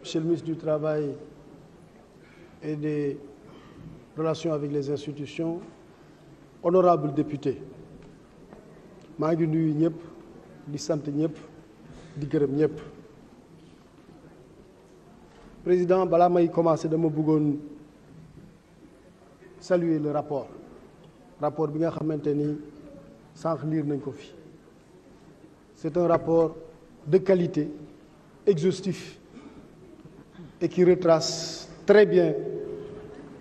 Monsieur ministre du Travail et des relation avec les institutions, honorable député maa ngi nuyu ñëpp di sant ñëpp di gërëm ñëpp président balaa may commencer dama bëggoon saluer le rapport rapport bi nga xamante ni sànq liir nañ ko fi c'est un rapport de qualité exhaustif et qui très bien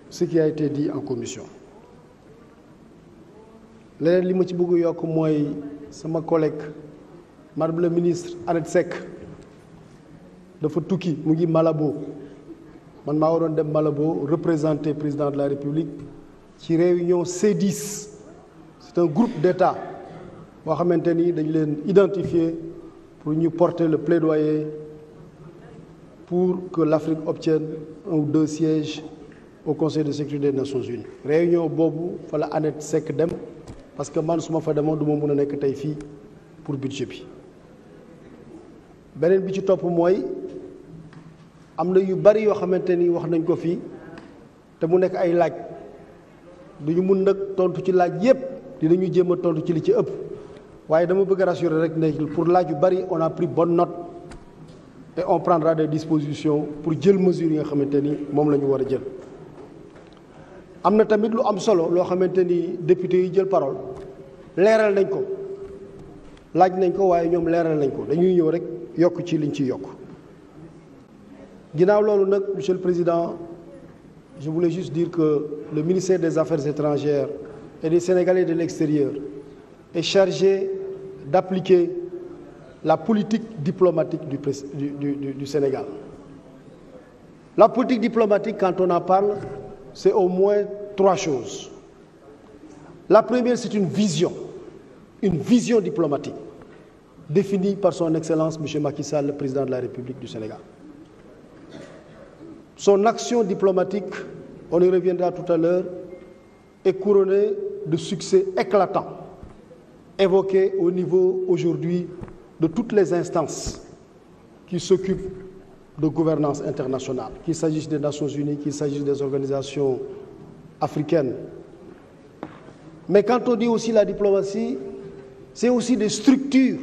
ce qui en commission leneen li ma ci bëgg yokk mooy sama collègue madame le ministre Annette Seck dafa tukki mu ngi Malabo man maa waroon dem Malabo représenter président de la République ci réunion C10 c'est un groupe d'États boo xamante ni dañu leen identifier pour ñu porter le plaidoyer pour que l'Afrique obtienne un ou deux au Conseil de sécurité des Nations Unies réunion boobu fa la Annette Seck dem parce que man su ma fa demoon du ma mën a nekk tey fii pour budget bi beneen bi ci topp mooy am na yu bari yoo xamante ni wax nañ ko fii te mu nekk ay laaj du ñu mun nag tontu ci laaj yépp dinañu jéem a tontu ci li ci ëpp waaye dama bëgg a rassurer rek ne pour laaj yu bari on a prix bonne not et on prendra des dispositions pour jël mesures yi nga xamante ni moom la ñu war a jël am na tamit lu am solo loo xamante ni député yu jël parole leeral nañ ko laaj nañ ko waaye ñoom leeral nañ ko dañuy ñëw rek yokk ci liñ ci yokk ginnaaw loolu nag monsieur le président je voulais juste dire que le ministère des affaires étrangères et des sénégalais de l'extérieur est chargé d'appliquer la politique diplomatique du, du, du, du, Sénégal. La politique diplomatique, quand on en parle, c'est au moins trois choses. La première, c'est une vision, une vision diplomatique, définie par son Excellence M. Macky Sall, le président de la République du Sénégal. Son action diplomatique, on y reviendra tout à l'heure, est couronnée de succès éclatants, évoqués au niveau aujourd'hui de toutes les instances qui s'occupent de gouvernance internationale, qu'il s'agisse des Nations Unies, qu'il s'agisse des organisations africaines. Mais quand on aussi la diplomatie, c'est aussi des structures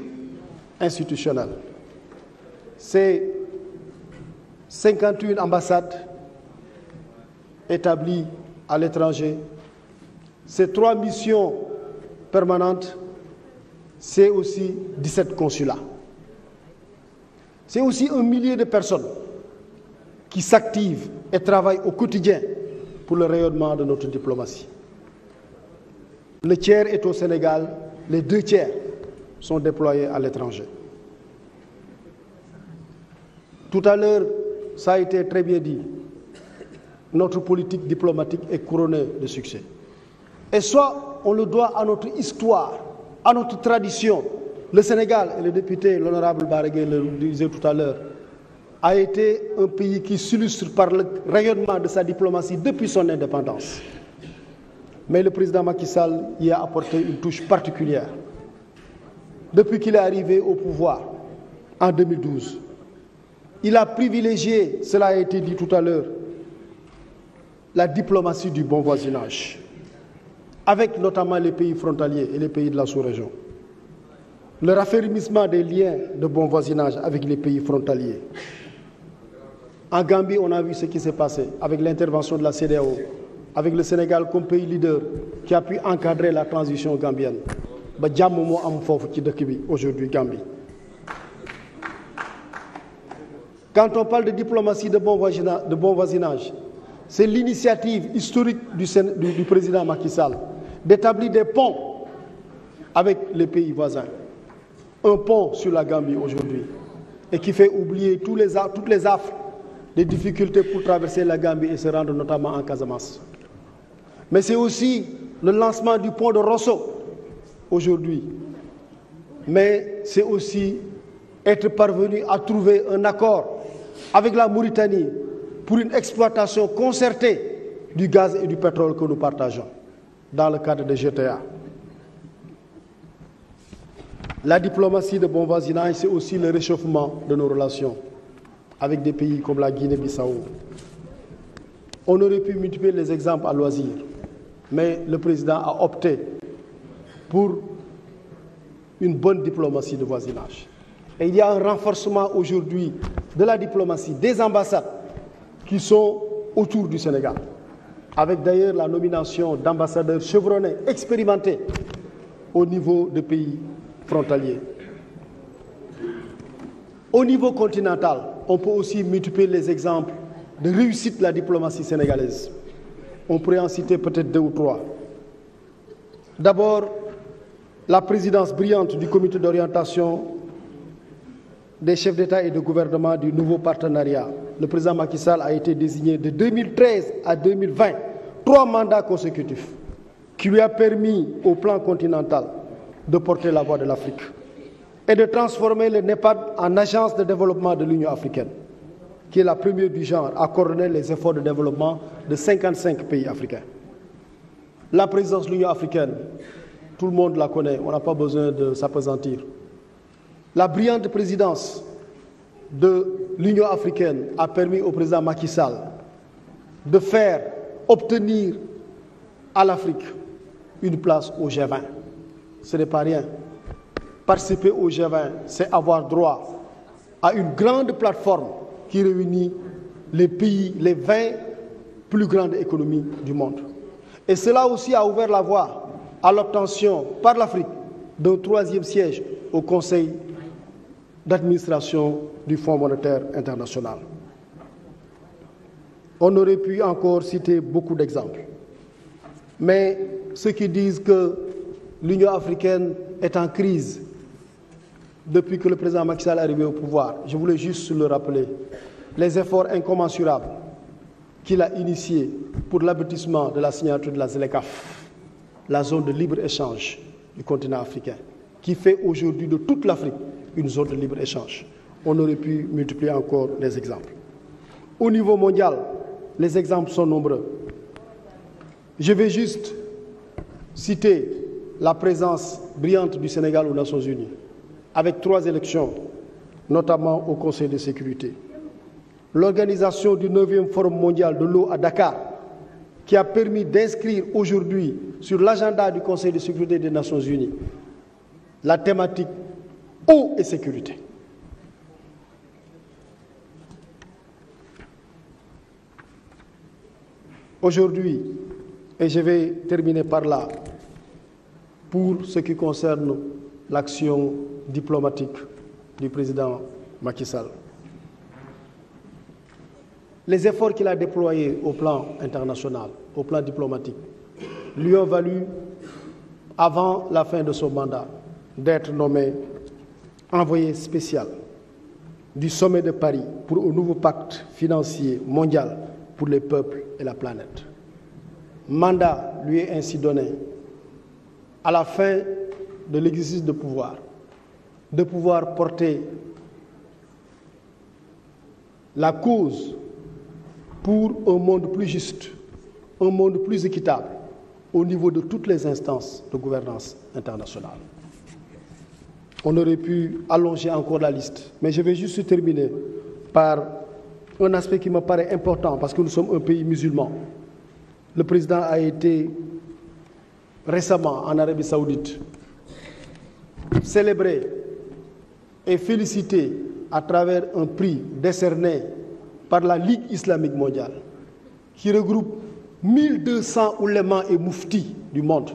institutionnelles. C'est 51 ambassades établies à l'étranger, c'est trois missions permanentes c'est aussi 17 consulats. C'est aussi un millier de personnes qui s'activent et travaillent au quotidien pour le rayonnement de notre diplomatie. Le tiers est au Sénégal, les deux tiers sont déployés à l'étranger. Tout à l'heure, ça a été très bien dit, notre politique diplomatique est couronnée de succès. Et soit on le doit à notre histoire, à notre tradition. Le Sénégal, et le député, l'honorable Barregué le disait tout à l'heure, a été un pays qui s'illustre par le rayonnement de sa diplomatie depuis son indépendance. Mais le président Macky Sall y a apporté une touche particulière. Depuis qu'il est arrivé au pouvoir en 2012, il a privilégié, cela a été dit tout à l'heure, la diplomatie du bon voisinage. avec notamment les pays frontaliers et les pays de la sous-région. Le raffermissement des liens de bon voisinage avec les pays frontaliers. En Gambie, on a vu ce qui s'est passé avec l'intervention de la CDAO, avec le Sénégal comme pays leader qui a pu encadrer la transition gambienne. ba jàmm moo am foofu ci dëkk bi aujourd'hui Gambie. Quand on parle de diplomatie de bon voisinage, de bon voisinage, c'est l'initiative historique du, du, du président Macky d'établir des ponts avec les pays voisins. Un pont sur la Gambie aujourd'hui et qui fait oublier tous les, toutes les affres, les difficultés pour traverser la Gambie et se rendre notamment en Casamance. Mais c'est aussi le lancement du pont de Rosso aujourd'hui. Mais c'est aussi être parvenu à trouver un accord avec la Mauritanie pour une exploitation concertée du gaz et du pétrole que nous partageons. dans le cadre de GTA. La diplomatie de bon voisinage, c'est aussi le réchauffement de nos relations avec des pays comme la Guinée-Bissau. On aurait pu multiplier les exemples à loisir, mais le président a opté pour une bonne diplomatie de voisinage. Et il y a un renforcement aujourd'hui de la diplomatie des ambassades qui sont autour du Sénégal. avec d'ailleurs la nomination d'ambassadeurs chevronnés, expérimentés au niveau des pays frontaliers. Au niveau continental, on peut aussi multiplier les exemples de réussite de la diplomatie sénégalaise. On pourrait en citer peut-être deux ou trois. D'abord, la présidence brillante du comité d'orientation des chefs d'État et de gouvernement du nouveau partenariat. Le président Macky Sall a été désigné de 2013 à 2020 trois mandats consécutifs qui lui a permis au plan continental de porter la voix de l'Afrique et de transformer le NEPAD en agence de développement de l'Union africaine, qui est la première genre à coordonner les efforts de développement de 55 pays africains. La présidence de africaine, tout le monde la connaît, on n'a pas besoin de La brillante présidence de l'Union africaine a permis au président Macky Sall de faire obtenir à l'Afrique une place au G20. Ce n'est pas rien. Participer au G20, c'est avoir droit à une grande plateforme qui réunit les pays, les 20 plus grandes économies du monde. Et cela aussi a ouvert la voie à l'obtention par l'Afrique d'un troisième siège au Conseil d'administration du Fonds monétaire international. On aurait pu encore citer beaucoup d'exemples. Mais ceux qui disent que l'Union africaine est en crise depuis que le président Macky Sall est arrivé au pouvoir, je voulais juste le rappeler, les efforts incommensurables qu'il a initiés pour l'aboutissement de la signature de la ZLECAF, la zone de libre-échange du continent africain, qui fait aujourd'hui de toute l'Afrique une zone de libre-échange. On aurait pu multiplier encore les exemples. Au niveau mondial, Les exemples sont nombreux. Je vais juste citer la présence brillante du Sénégal aux Nations Unies, avec trois élections, notamment au Conseil de sécurité. L'organisation du 9e Forum mondial de l'eau à Dakar, qui a permis d'inscrire aujourd'hui sur l'agenda du Conseil de sécurité des Nations Unies la thématique eau et sécurité. Aujourd'hui, et je vais terminer par là, pour ce qui concerne l'action diplomatique du président Macky Sall. Les efforts qu'il a déployés au plan international, au plan diplomatique, lui ont valu, avant la fin de son mandat, d'être nommé envoyé spécial du sommet de Paris pour un nouveau pacte financier mondial pour les la planète. Mandat lui est ainsi donné à la fin de l'exercice de pouvoir, de pouvoir porter la cause pour un monde plus juste, un monde plus équitable au niveau de toutes les instances de gouvernance internationale. On aurait pu allonger encore la liste, mais je vais juste terminer par un aspect qui me paraît important parce que nous sommes un pays musulman. Le président a été récemment en Arabie saoudite célébré et félicité à travers un prix décerné par la Ligue islamique mondiale qui regroupe 1200 oulémas et mouftis du monde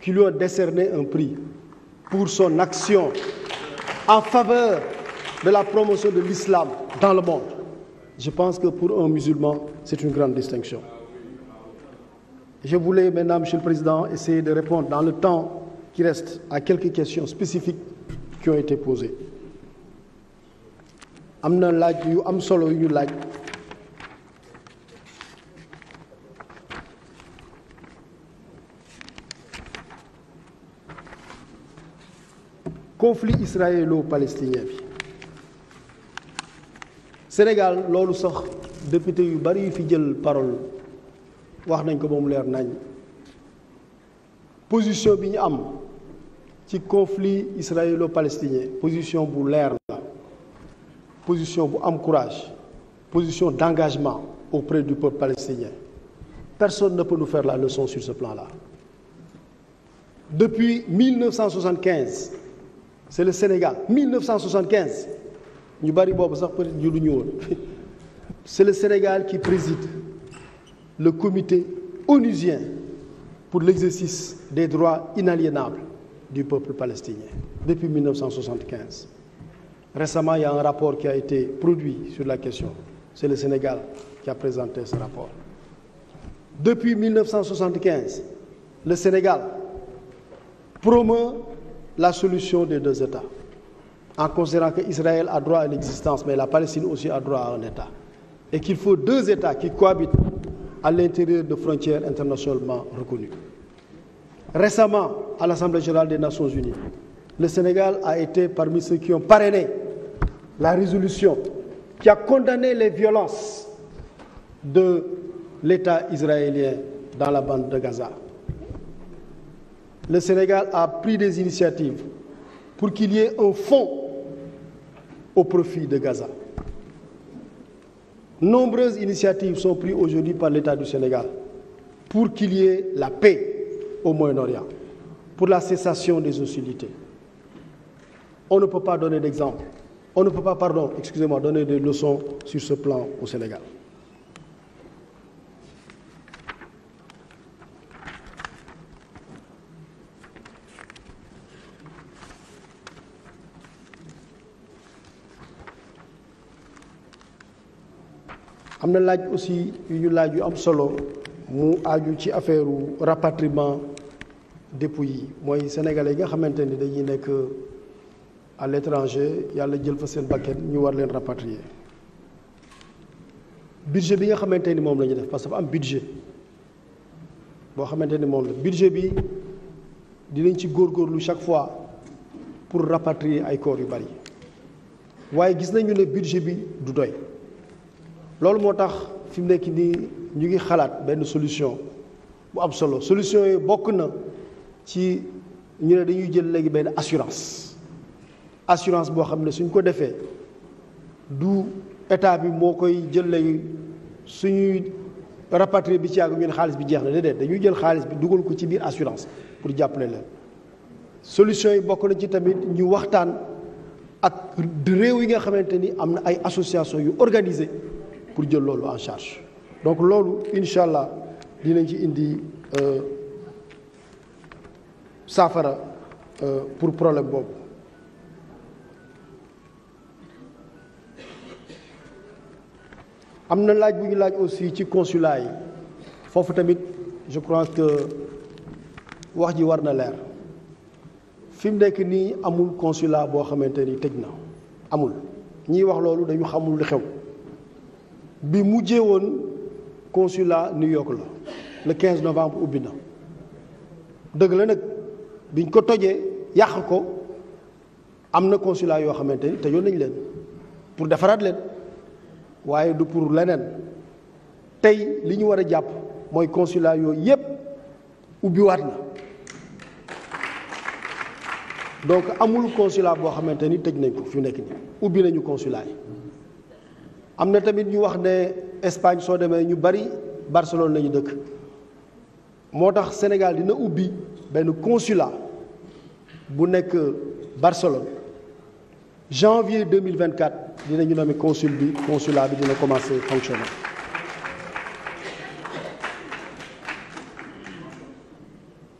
qui lui ont décerné un prix pour son action en faveur de la promotion de l'islam dans le monde. Je pense que pour un musulman, c'est une grande distinction. Je voulais maintenant, Monsieur le Président, essayer de répondre dans le temps qui reste à quelques questions spécifiques qui ont été posées. am na laaj yu am solo yu laaj conflit israélo-palestinien Sénégal loolu sax député yu bari yu fi jël parole wax nañ ko ba mu leer nañ position bi ñu am ci conflit israélo-palestinien position bu leer la position bu am courage position d'engagement auprès du peuple palestinien personne ne peut nous faire la leçon sur ce plan-là depuis 1975 c'est le Sénégal 1975 ñu bari boobu sax peut-être ñu du ñu le Sénégal qui préside le comité onusien pour l'exercice des droits inaliénables du peuple palestinien depuis 1975 récemment il y a un rapport qui a été produit sur la question c'est le Sénégal qui a présenté ce rapport depuis 1975 le Sénégal promeut solution des deux États en considérant que a droit à l'existence, mais la Palestine aussi a droit à un État. Et qu'il faut deux États qui cohabitent à l'intérieur de frontières internationalement reconnues. Récemment, à l'Assemblée générale des Nations unies, le Sénégal a été parmi ceux qui ont parrainé la résolution qui a condamné les violences de l'État israélien dans la bande de Gaza. Le Sénégal a pris des initiatives pour qu'il y ait un fonds au profit de Gaza. Nombreuses initiatives sont prises aujourd'hui par l'État du Sénégal pour qu'il y ait la paix au Moyen-Orient, pour la cessation des hostilités. On ne peut pas donner d'exemple, on ne peut pas, pardon, excusez-moi, donner des leçons sur ce plan au Sénégal. am na laaj aussi yu ñu laaj yu am solo mu aju ci affaire rapatriement dépouilles yi mooy sénégalais yi nga xamante ni dañuy nekk à l'étranger yàlla jël fa seen bakkan ñu war leen rapatrier budget bi nga xamante ni moom lañu def parce que dafa am budget boo xamante ni moom la budget bi dinañ ci góor góorlu chaque fois pour rapatrier ay corps yu bari waaye gis nañu ne budget bi du doy. loolu moo tax fi mu nekk nii ñu ngi xalaat benn solution bu am solo solution yi bokk na ci ñu ne dañuy jël léegi benn assurance assurance boo xam ne suñ ko defee du état bi moo koy jël léegi suñuy rapatrier bi ci yàgg ñu ne xaalis bi jeex na déedéet dañuy jël xaalis bi dugal ko ci biir assurance pour jàppale leen solution yi bokk na ci tamit ñu waxtaan ak réew yi nga xamante ni am na ay association yu organisé pour jël loolu en charge donc loolu incha allah dinañ ci indi euh, saafara euh, pour problème boobu am na laaj bu laaj aussi ci consulat yi foofu tamit je crois que wax ji war na leer fi mu nekk nii amul consulat boo xamante ni tëj na amul ñiy wax loolu dañu xamul li xew bi mujjee woon consulat New York la le 15 novembre ubbi na dëgg la nag biñ ko tojee yàq ko am na consulat yoo xamante ni tëjoon nañ leen pour defaraat leen waaye du pour leneen tey li ñu war a jàpp mooy consulat yooyu yépp ubbiwaat na donc amul consulat boo xamante ni tëj nañ ko fu nekk nii ubbi nañu consulat yi. am na tamit ñu wax ne Espagne soo demee ñu bari Barcelone la dëkk moo tax Sénégal dina ubbi benn consulat bu nekk Barcelone janvier 2024 dina ñu nommé consul bi consulat bi dina commencer fonctionner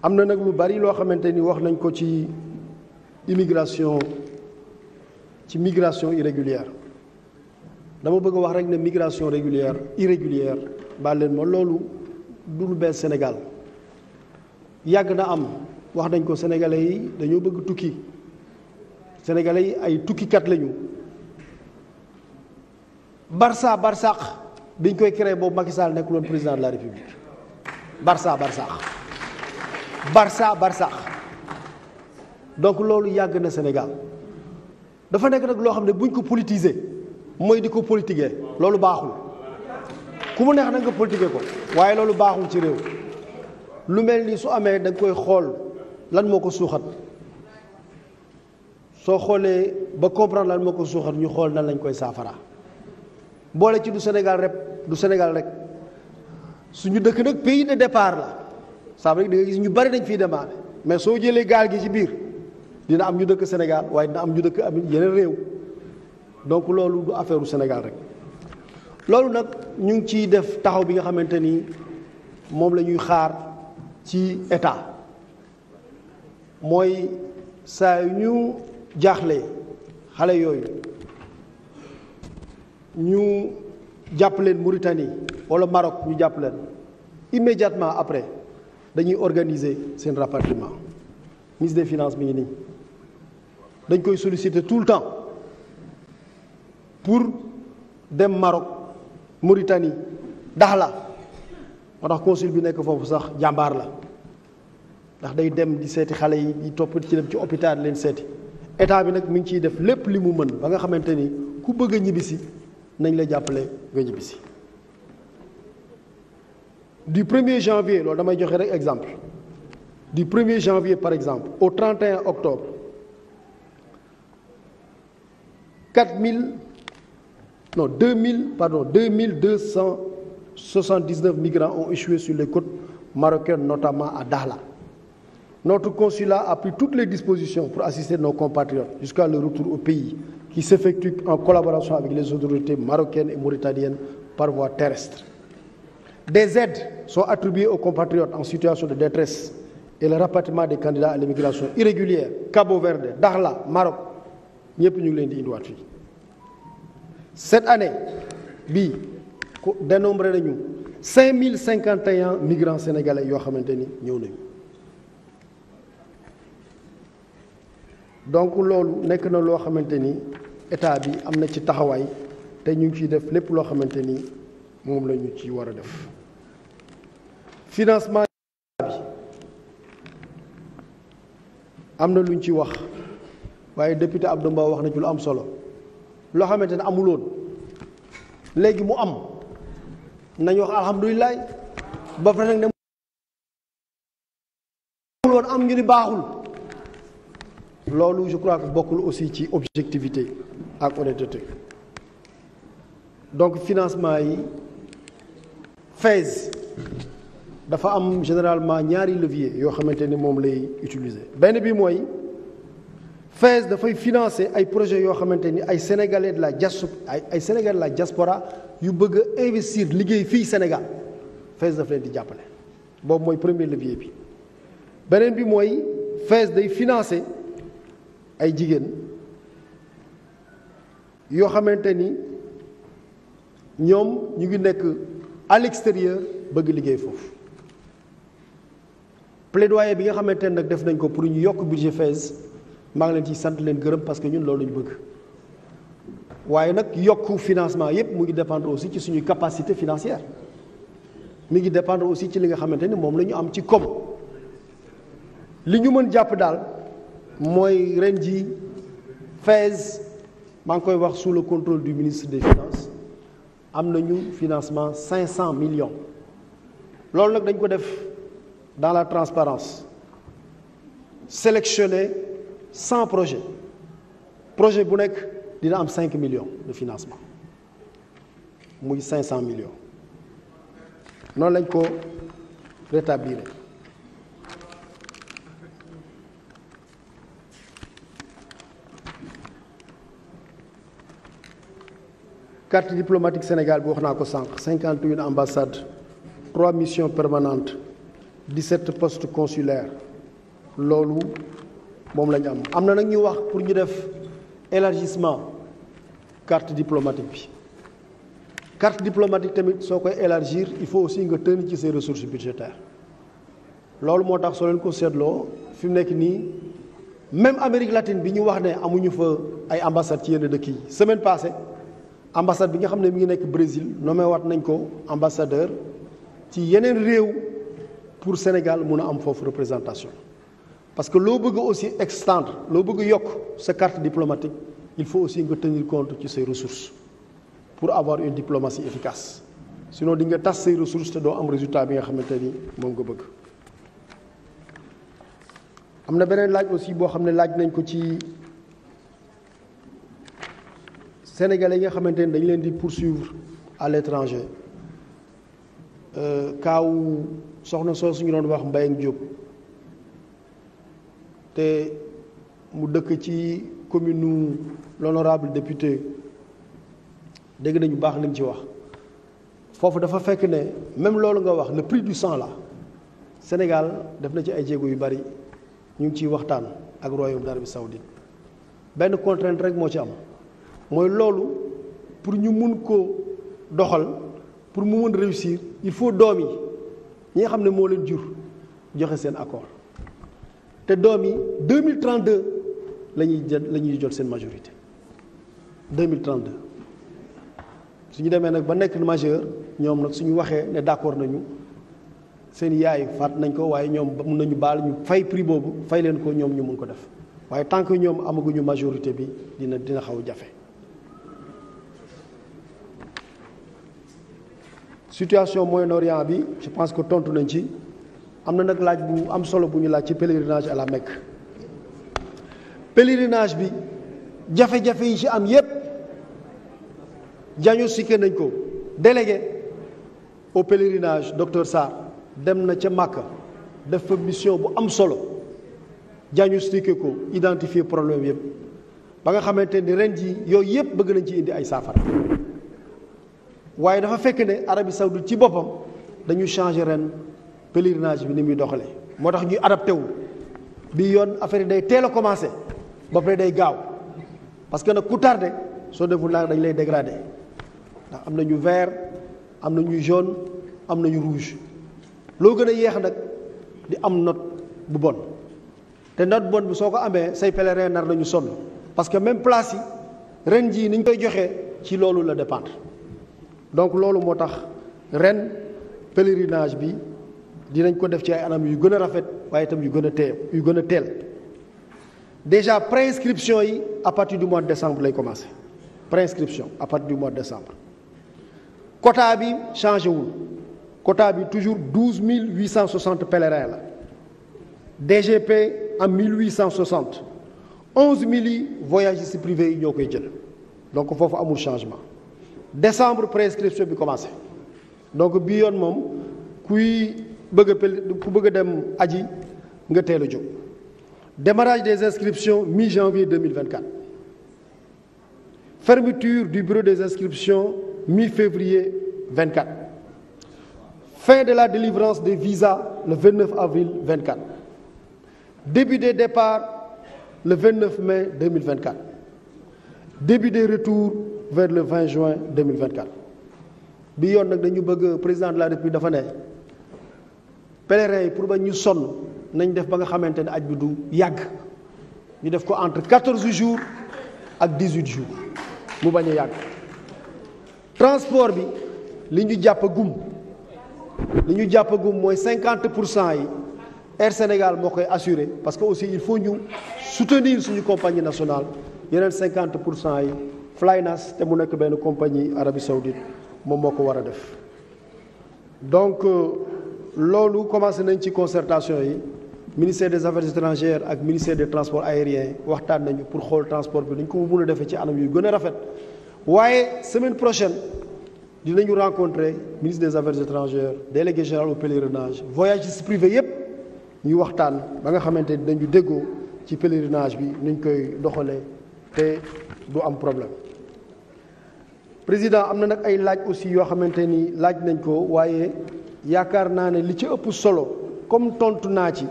am na nag lu bari loo xamante ni wax nañ ko ci immigration ci migration irrégulière dama bëgg a wax rek ne migration régulière irrégulière baal leen ma loolu du lu bees Sénégal yàgg na am wax nañ ko sénégalais yi dañoo bëgg tukki sénégalais yi ay tukkikat lañu Barça Barsaq biñ koy créé boobu Macky Sall nekkuloon président de la République Barça Barsaq Barça Barsaq donc loolu yàgg na Sénégal dafa nekk nag loo xam ne buñ ko politiser. mooy di ko politiquer loolu baaxul ku mu neex na nga politiquer ko waaye loolu baaxul ci réew lu mel ni su amee da koy xool lan moo ko suuxat soo xoolee ba comprendre lan moo ko suuxat ñu xool nan lañ koy saafara boole ci du Sénégal rek du Sénégal rek suñu dëkk nag pays ne départ la ça veut nga gis ñu bari dañ fiy demandé mais soo jëlee gaal gi ci biir dina am ñu dëkk Sénégal waaye dina am ñu dëkk am yeneen réew donc loolu du affaire Sénégal rek loolu nag ñu ngi ciy def taxaw bi nga xamante ni moom la ñuy xaar ci état mooy saa yu ñu jaaxlee xale yooyu ñu jàpp leen Mauritanie wala Maroc ñu jàpp leen immédiatement après dañuy organiser seen rapatriement ministre de finance mi ngi nii dañ koy solliciter tout le temps pour dem Maroc Mauritanie Dakhla moo tax consul bi nekk foofu sax jàmbaar la ndax day dem di seeti xale yi di topp ci dem ci hôpital leen seeti état bi nag mi ngi ciy def lépp li mu mën ba nga xamante ni ku bëgg a ñibbisi nañ la jàppale nga ñibbisi du 1er janvier loolu damay joxe rek exemple du 1er janvier par exemple au 31 octobre 4000 non 2000 pardon 2279 migrants ont échoué sur les côtes marocaines, notamment à Dakhla. Notre consulat a pris toutes les dispositions pour assister nos compatriotes jusqu'à leur retour au pays, qui s'effectue en collaboration avec les autorités marocaines et mauritaniennes par voie terrestre. Des aides sont attribuées aux compatriotes en situation de détresse et le rapatriement des candidats à l'immigration irrégulière, Cabo Verde, Dakhla, Maroc, ñëpp ñu ngi leen di indiwaat fii cette année bi ku dénombré nañu cinq mille cinquante et un migrants yoo xamante ni ñëw nañu donc loolu nekk na loo xamante ni état bi am na ci taxawaay te ñu ngi ciy def lépp loo xamante ni moom lañu ci war a def financement am na lu ñu wax waaye député Abdou Mbow wax na ci lu am solo loo xamante ne amuloon léegi mu am nañu wax alhamdulilah ba pare nag ne amuloon am ñu ni baaxul loolu je crois que bokkul aussi ci objectivité ak honnêteté donc financement yi phase dafa am généralement ñaari levier yoo xamante ni moom lay utiliser benn bi mooy FAES dafay financer ay projets yoo xamante ni ay sénégalais de la diaspora ay ay sénégalais jaspora yu bëgg a investir liggéey fii Sénégal FAES daf leen di jàppale boobu mooy premier levier bi beneen bi mooy FAES day financer ay jigéen yoo xamante ni ñoom ñu ngi nekk à l'extérieur bëgg liggéey foofu plaidoyer bi nga xamante ne nag def nañ ko pour ñu yokk budget FAES maa ngi leen ci sant leen gërëm parce que ñun loolu ñu bëgg waaye nag yokk financement yépp mu ngi dépendre aussi ci suñuy capacité financière mi ngi dépendre aussi ci li nga xamante ni moom lañu am ci koom li ñu mën jàpp daal mooy ren ji FAISE maa ngi koy wax sous le contrôle du ministre des finances am nañu financement cinq cent millions loolu nag dañ ko def dans la transparence sélectionner cent projet projet bu nekk dina am cinq millions de financement muy cinq cent millions noonu lañ ko rétablir carte diplomatique Sénégal bi wax naa ko sànq cinquante une ambassades trois missions permanentes dix sept postes consulaires loolu moom la ñu am am na nag ñu wax pour ñu def élargissement carte diplomatique bi carte diplomatique tamit soo koy élargir il faut aussi nga tënk ci ses ressources budgétaires loolu moo tax soo leen ko seetloo fi mu nekk nii même Amérique latine bi ñu wax ne amuñu fa ay ambassade ci yenn dëkk yi semaine passée ambassade bi nga xam ne mi ngi nekk Brésil nommé wat nañ ko ambassadeur ci yeneen réew pour Sénégal mun a am foofu représentation parce que loo bëgg aussi extendre loo bëgg yokk sa carte diplomatique il faut aussi nga tenir compte ci say ressources pour avoir une diplomatie efficace sinon di nga tas say ressource te doo am résultat bi nga xamante ni moom nga bëgg. am na beneen laaj aussi boo xam ne laaj nañ ko ci sénégalais yi nga xamante ni dañ leen di poursuivre à l'étranger euh, kaaw soxna soo suñu doon wax Mbayang Diop. te mu dëkk ci commune l'honorable député dégg nañu baax li mu ci wax foofu dafa fekk ne même loolu nga wax ne prix du sang la Sénégal def na ci ay jéego yu bari ñu ngi ciy waxtaan ak royaume d'Arabie saoudite benn contrainte rek moo ci am mooy loolu pour ñu mun ko doxal pour mu mën réussir il faut doom yi ñi nga xam ne moo leen jur joxe seen accord te doom yi 2032 la ñuy jël la ñuy jël seen majorité 2032 su suñu demee nag ba nekk majeur ñoom nag suñu waxee ne d'accord nañu seen yaay faat nañ ko waaye ñoom ba mun nañu baal ñu fay prix boobu fay leen ko ñoom ñu mun ko def waaye tant que ñoom amaguñu majorité bi dina dina xaw jafe. situation Moyen-Orient bi je pense que tontu nañ ci. am na nag laaj bu am solo bu ñu laaj ci pèlerinage à la Mecque pèlerinage bi jafe-jafe yi ci am yépp diagnostiqué nañ ko délégué au pèlerinage docteur Sarr dem na ca Màkka def fa mission bu am solo diagnostiqué ko identifier problème yépp ba nga xamante ni ren ji yooyu yépp bëgg nañ ci indi ay saafara waaye dafa fekk ne Arabie Saoudite ci boppam dañu changer ren pèlerinage bi ni muy doxale moo tax ñuy adapté wu bi yoon affaire yi day teel a commencé ba pare day gaaw parce que nag ku tardé soo deful laa dañ lay dégradé ndax am na ñu ver am na nañu jaune am na ñu rouge loo gën a yéex nag di am not bu bon te note bon bi soo ko amee say pèlerin nar nañu sonn parce que même place yi ren jii niñ koy joxee ci loolu la dépendre donc loolu moo tax ren pèlerinage bi dinañ ko def ci ay anam yu gën a rafet waaye itam yu gën a teel yu gën a teel déjà préinscription yi à partir du mois de décembre lay commencé préinscription à partir du mois de décembre quota bi changé wul quota bi toujours douze mille huit cent soixante pèlerins la DGP am mille huit cent soixante onze mille yi voyagistes privés yi ñoo koy jël donc foofu amul changement décembre préinscription bi commencé donc bii yoon moom kuy. bëgg a pel ku bëgg a dem aji nga teel a jóg démarrage des inscriptions mi janvier 2024 fermeture du bureau des inscriptions mi février 24 fin de la délivrance des visas le 29 avril 24 début des départs le 29 mai 2024 début des retours vers le 20 juin 2024 bi yoon nag dañu bëgg président de la république dafa ne pèlerins yi pour ba ñu sonn nañ def ba nga xamante ne aj bi du yàgg ñu def ko entre quatorze jours ak dix-huit jours mu bañ a yàgg transport bi li ñu jàpp gum li ñu jàpp gum mooy cinquante pour cent yi Air Sénégal moo koy assuré parce que aussi il faut ñu soutenir suñu compagnie nationale yeneen cinquante pour cent yi Flynas te mu nekk benn compagnie Arabie Saoudite moom moo ko war a def donc. Euh, loolu commencé nañ ci concertation yi ministère des affaires étrangères ak ministère des transports aériens waxtaan nañu pour xool transport bi dañ ko mën a defee ci anam yu gën a rafet waaye semaine prochaine dinañu rencontrer ministre des affaires étrangères délégué général au pèlerinage voyagistes privés yépp ñu waxtaan ba nga xamante ni ñu déggoo ci pèlerinage bi nuñ koy doxalee te du am problème président am na nag ay laaj aussi yoo xamante ni laaj nañ ko waaye yaakaar naa ne li ci ëpp solo comme tontu naa ci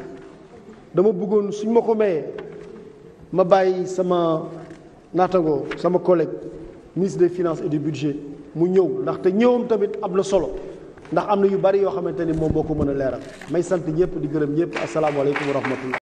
dama bëggoon suñ ma ko mayee ma bàyyi sama naataango sama collègue ministre de finance et du budget mu ñëw ndaxte ñëwam tamit am na solo ndax am na yu bari yoo xamante ni moom moo ko mëna leeral may sant ñëpp di gërëm ñëpp asalaamaaleykum wa rahmatullah